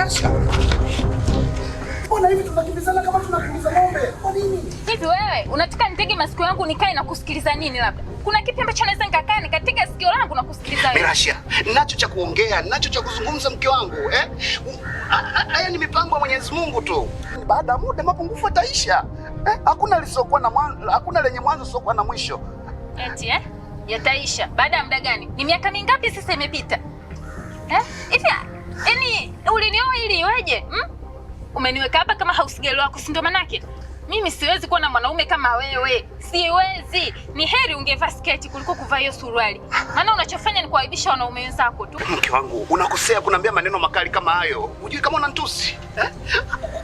Acha. Mbona hivi wewe unataka nitege masikio yangu nikae na kusikiliza nini labda? Kuna kipi ambacho naweza nikakaa nikatega sikio langu na kusikiliza wewe? Mirasha, ninacho cha kuongea, ninacho cha kuzungumza mke wangu, eh? Haya ni mipango ya Mwenyezi Mungu tu. Baada ya muda mapungufu ataisha Eh? Hakuna lisokuwa na mwanzo, hakuna lenye mwanzo lisokuwa na mwisho. Eti eh? Yataisha. Baada ya muda gani? Ni miaka mingapi sasa imepita? Eh? Hivi umeniweka hapa kama hausigali wako, si ndio? Manake mimi siwezi kuwa na mwanaume kama wewe, siwezi. Ni heri ungevaa sketi kuliko kuvaa hiyo suruali, maana unachofanya ni kuaibisha wanaume wenzako tu. Mke wangu, unakosea kunaambia maneno makali kama hayo. Hujui kama unanitusi eh?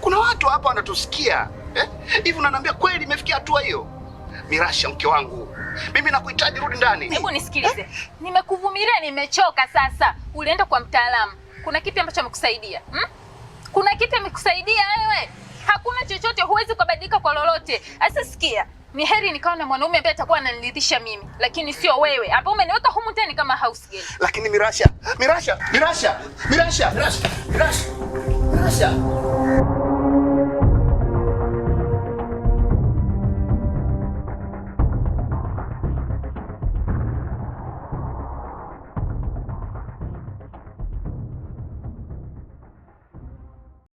Kuna watu hapa wanatusikia eh? hivi eh? Unaniambia kweli imefikia hatua hiyo? Mirasha, mke wangu, mimi nakuhitaji, rudi ndani. Hebu nisikilize eh? Nimekuvumilia, nimechoka sasa. Ulienda kwa mtaalamu, kuna kipi ambacho amekusaidia hmm? Kuna kitu amekusaidia wewe? Hakuna chochote, huwezi kubadilika kwa lolote. Sasa sikia, ni heri nikawa na mwanaume ambaye atakuwa ananiridhisha mimi, lakini sio wewe ambaye umeniweka humu tena kama house girl. Lakini Mirasha, Mirasha, Mirasha, Mirasha, Mirasha, Mirasha, Mirasha.